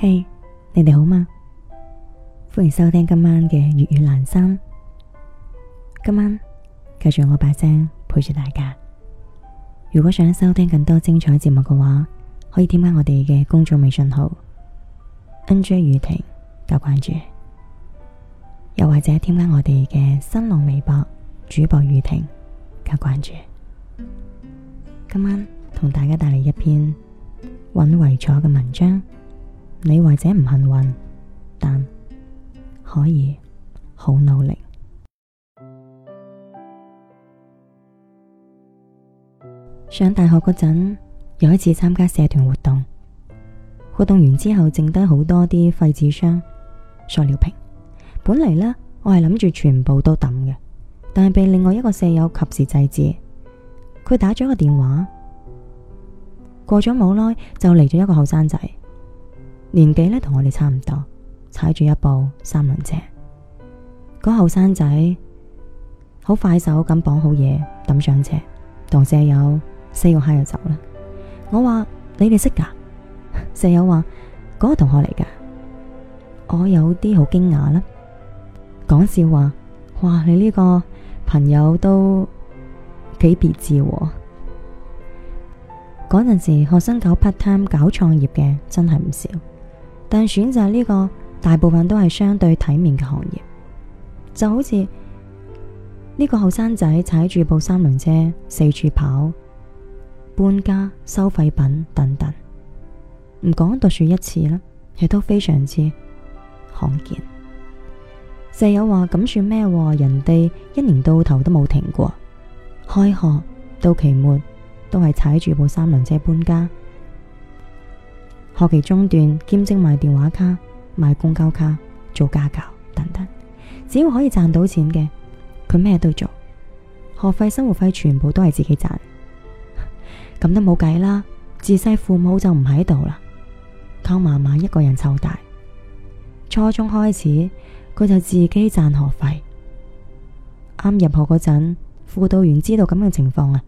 嘿，hey, 你哋好嗎？歡迎收聽今晚嘅粵語南山。今晚繼續用我把聲陪住大家。如果想收聽更多精彩節目嘅話，可以添加我哋嘅公眾微信號 NJ 雨婷加關注，又或者添加我哋嘅新浪微博主播雨婷加關注。今晚同大家帶嚟一篇揾遺咗嘅文章。你或者唔幸運，但可以好努力。上大學嗰陣，有一次參加社團活動，活動完之後剩低好多啲廢紙箱、塑料瓶。本嚟呢，我係諗住全部都抌嘅，但係被另外一個舍友及時制止。佢打咗一個電話，過咗冇耐就嚟咗一個後生仔。年紀咧同我哋差唔多，踩住一部三輪車，個後生仔好快手咁綁好嘢，揼上車，同舍友四個揩就走啦。我話你哋識噶，舍友話嗰個同學嚟噶，我有啲好驚訝啦。講笑話，哇你呢個朋友都幾別致。嗰陣時學生搞 part time 搞創業嘅真係唔少。但選擇呢個大部分都係相對體面嘅行業，就好似呢個後生仔踩住部三輪車四處跑、搬家、收廢品等等，唔講獨樹一幟啦，亦都非常之罕見。社友話：咁算咩？人哋一年到頭都冇停過，開學到期末都係踩住部三輪車搬家。學期中段兼職賣電話卡、賣公交卡、做家教等等，只要可以賺到錢嘅，佢咩都做。學費、生活費全部都係自己賺，咁 都冇計啦。自細父母就唔喺度啦，靠嫲嫲一個人湊大。初中開始佢就自己賺學費。啱入學嗰陣，輔導員知道咁嘅情況啊，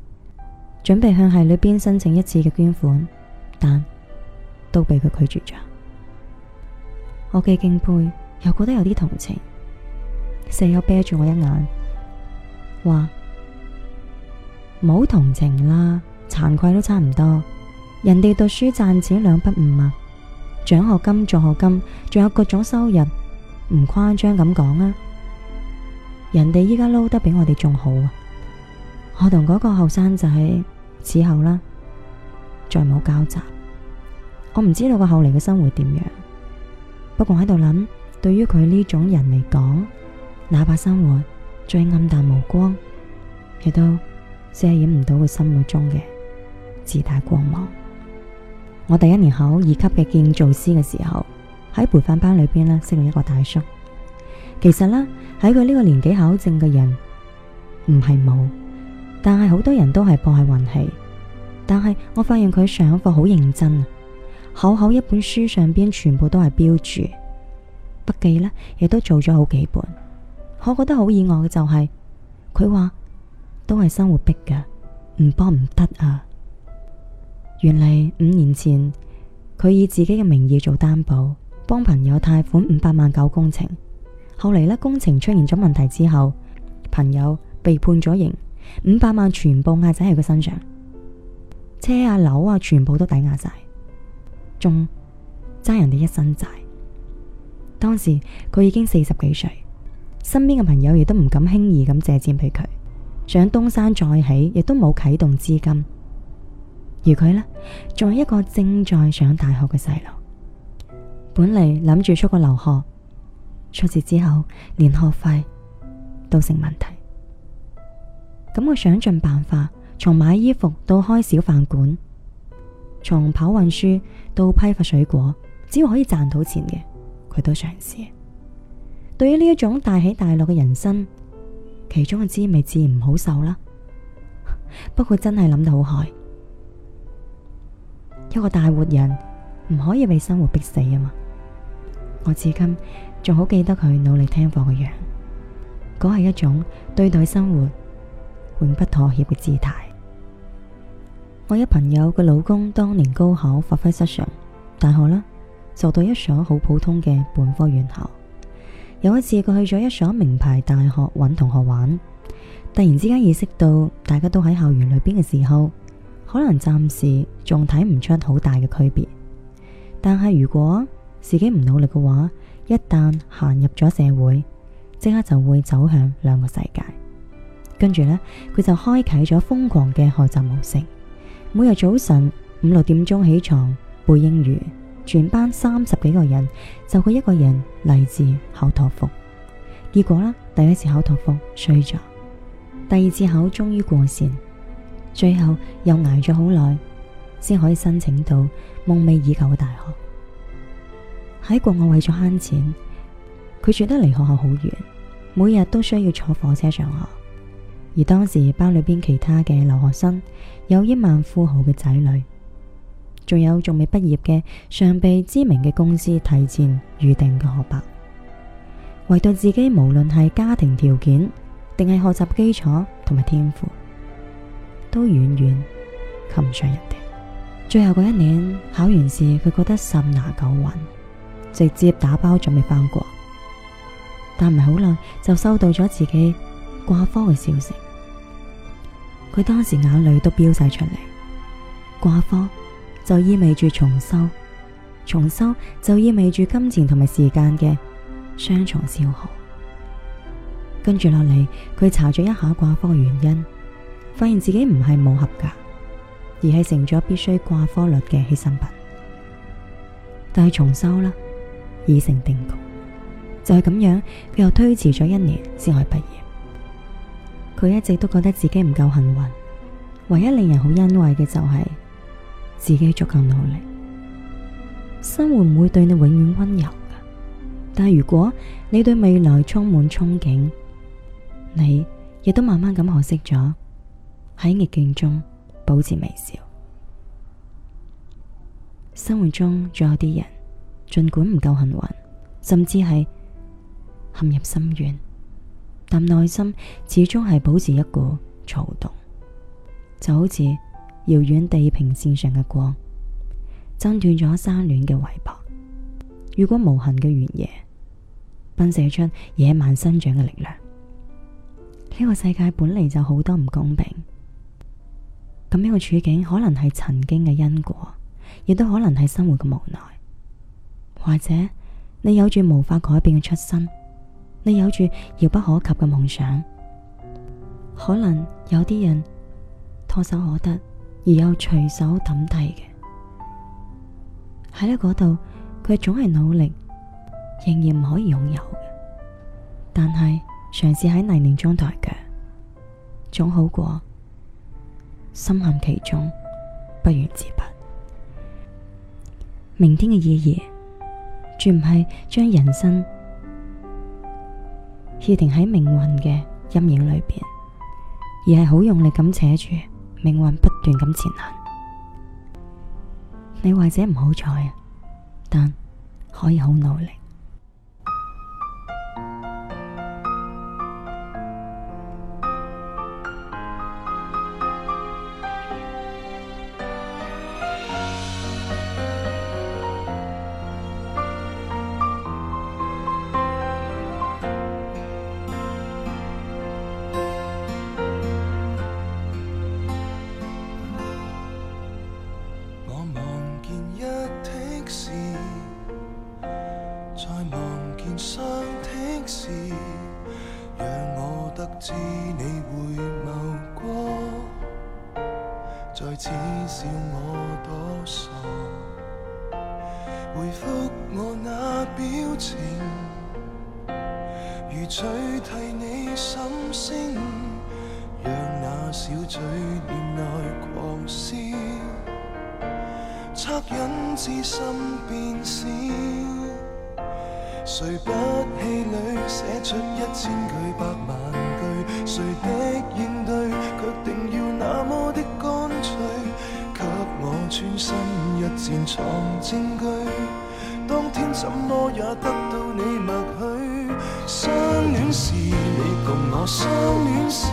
準備向系裏邊申請一次嘅捐款，但。都被佢拒絕咗，我既敬佩又覺得有啲同情。社友啤住我一眼，話冇同情啦，慚愧都差唔多。人哋讀書賺錢兩不誤啊，獎學金、助學金，仲有各種收入，唔誇張咁講啊。人哋依家撈得比我哋仲好啊。我同嗰個後生仔之後啦，再冇交集。我唔知道佢後嚟嘅生活點樣，不過喺度諗，對於佢呢種人嚟講，哪怕生活最暗淡無光，亦都遮掩唔到佢心目中嘅自帶光芒。我第一年考二級嘅建造師嘅時候，喺培訓班裏邊呢識到一個大叔。其實呢，喺佢呢個年紀考證嘅人唔係冇，但係好多人都係碰下運氣。但係我發現佢上課好認真。厚厚一本書上邊全部都係標注筆記呢，亦都做咗好幾本。我覺得好意外嘅就係、是，佢話都係生活逼嘅，唔幫唔得啊。原嚟五年前佢以自己嘅名義做擔保，幫朋友貸款五百萬搞工程。後嚟呢，工程出現咗問題之後，朋友被判咗刑，五百萬全部壓仔喺佢身上，車啊、樓啊，全部都抵押晒。仲爭人哋一身債，當時佢已經四十幾歲，身邊嘅朋友亦都唔敢輕易咁借錢俾佢，想東山再起亦都冇啟動資金，而佢呢，仲係一個正在上大學嘅細路，本嚟諗住出國留學，出事之後連學費都成問題，咁佢想盡辦法，從買衣服到開小飯館。從跑運輸到批發水果，只要可以賺到錢嘅，佢都嘗試。對於呢一種大起大落嘅人生，其中嘅滋味自然唔好受啦。 不過真係諗得好開，一個大活人唔可以被生活逼死啊嘛！我至今仲好記得佢努力聽課嘅樣，嗰係一種對待生活永不妥協嘅姿態。我一朋友嘅老公當年高考發揮失常，大學啦就到一所好普通嘅本科院校。有一次佢去咗一所名牌大學揾同學玩，突然之間意識到大家都喺校園裏邊嘅時候，可能暫時仲睇唔出好大嘅區別。但係如果自己唔努力嘅話，一旦行入咗社會，即刻就會走向兩個世界。跟住呢，佢就開啟咗瘋狂嘅學習模式。每日早晨五六點鐘起床背英語，全班三十幾個人就佢一個人立志考托福。結果呢，第一次考托福衰咗，第二次考終於過線，最後又捱咗好耐先可以申請到夢寐以求嘅大學。喺國外為咗慳錢，佢住得離學校好遠，每日都需要坐火車上學。而當時班裏邊其他嘅留學生，有億萬富豪嘅仔女，仲有仲未畢業嘅，尚被知名嘅公司提前預訂嘅學霸，唯獨自己無論係家庭條件，定係學習基礎同埋天賦，都遠遠及唔上人哋。最後嗰一年考完試，佢覺得十拿九穩，直接打包仲未翻國。但唔係好耐就收到咗自己。掛科嘅消息，佢當時眼淚都飆晒出嚟。掛科就意味住重修，重修就意味住金錢同埋時間嘅雙重消耗。跟住落嚟，佢查咗一下掛科嘅原因，發現自己唔係冇合格，而係成咗必須掛科率嘅犧牲品。但係重修啦，已成定局，就係咁樣，佢又推遲咗一年先可以畢業。佢一直都覺得自己唔夠幸運，唯一令人好欣慰嘅就係自己足夠努力。生活唔會對你永遠温柔，但如果你對未來充滿憧憬，你亦都慢慢咁學識咗喺逆境中保持微笑。生活中仲有啲人，盡管唔夠幸運，甚至係陷入深淵。但內心始終係保持一股躁動，就好似遙遠地平線上嘅光，掙斷咗山巒嘅圍脖。如果無痕嘅原野，噴射出野蠻生長嘅力量，呢個世界本嚟就好多唔公平。咁樣嘅處境可能係曾經嘅因果，亦都可能係生活嘅無奈，或者你有住無法改變嘅出身。你有住遙不可及嘅夢想，可能有啲人唾手可得，而又隨手抌低嘅。喺呢嗰度，佢總係努力，仍然唔可以擁有嘅。但係嘗試喺泥濘中抬腳，總好過深陷其中，不如自拔。明天嘅意義，絕唔係將人生。設停喺命運嘅陰影裏邊，而係好用力咁扯住命運，不斷咁前行。你或者唔好彩啊，但可以好努力。耳相聽時，讓我得知你回眸過，再恥笑我多傻，回覆我那表情，如嘴替你心聲，讓那小嘴臉內狂笑，惻隱之心變小。誰不氣餒寫出一千句百萬句，誰的應對確定要那麼的乾脆，給我穿心一箭藏證據。當天怎麼也得到你默許，相戀時你共我相戀時，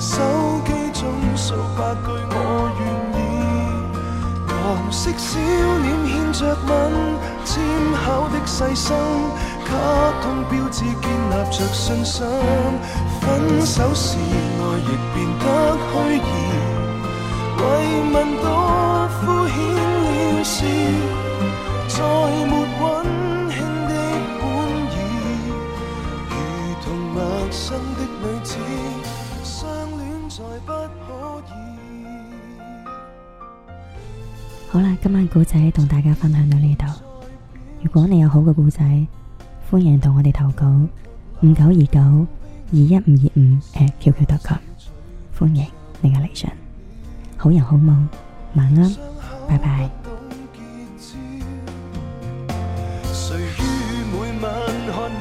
手機中數百句我願意，黃色笑臉牽着吻。好啦，今晚古仔同大家分享。.如果你有好嘅故仔，歡迎同我哋投稿五九二九二一五二五誒，QQ.com 歡迎你嘅嚟信。好人好夢，晚安，拜拜。誰於每晚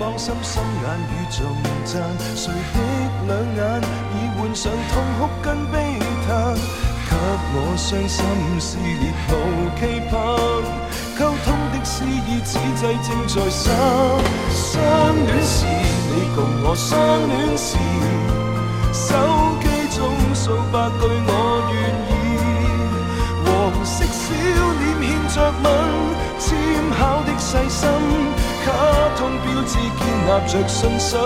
看深深眼，誰的兩眼已換上痛哭跟悲嘆，給我心期盼溝通的詩意，紙際正在心。相戀時你共我相戀時，手機中數百句我願意。黃色笑臉牽着吻，簽考的細心，卡通標誌建立着信心。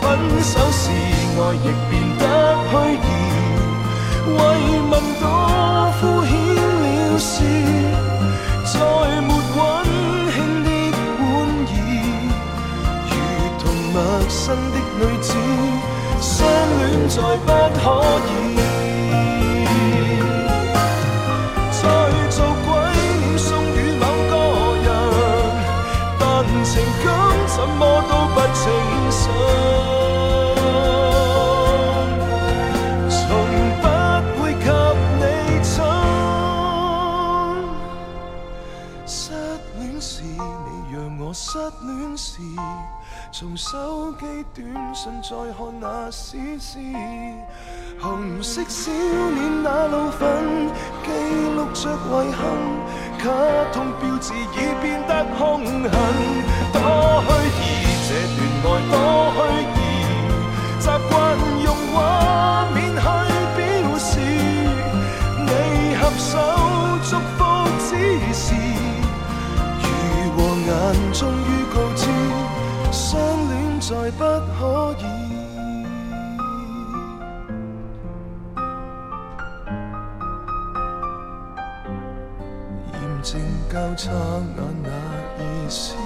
分手時愛亦變得虛擬，慰問多敷衍。再不可以。手機短信再看那絲絲，紅色笑臉那路粉，記錄着遺憾，卡通標誌已變得兇狠，多虛擬這段愛，多虛。正交叉眼那意思。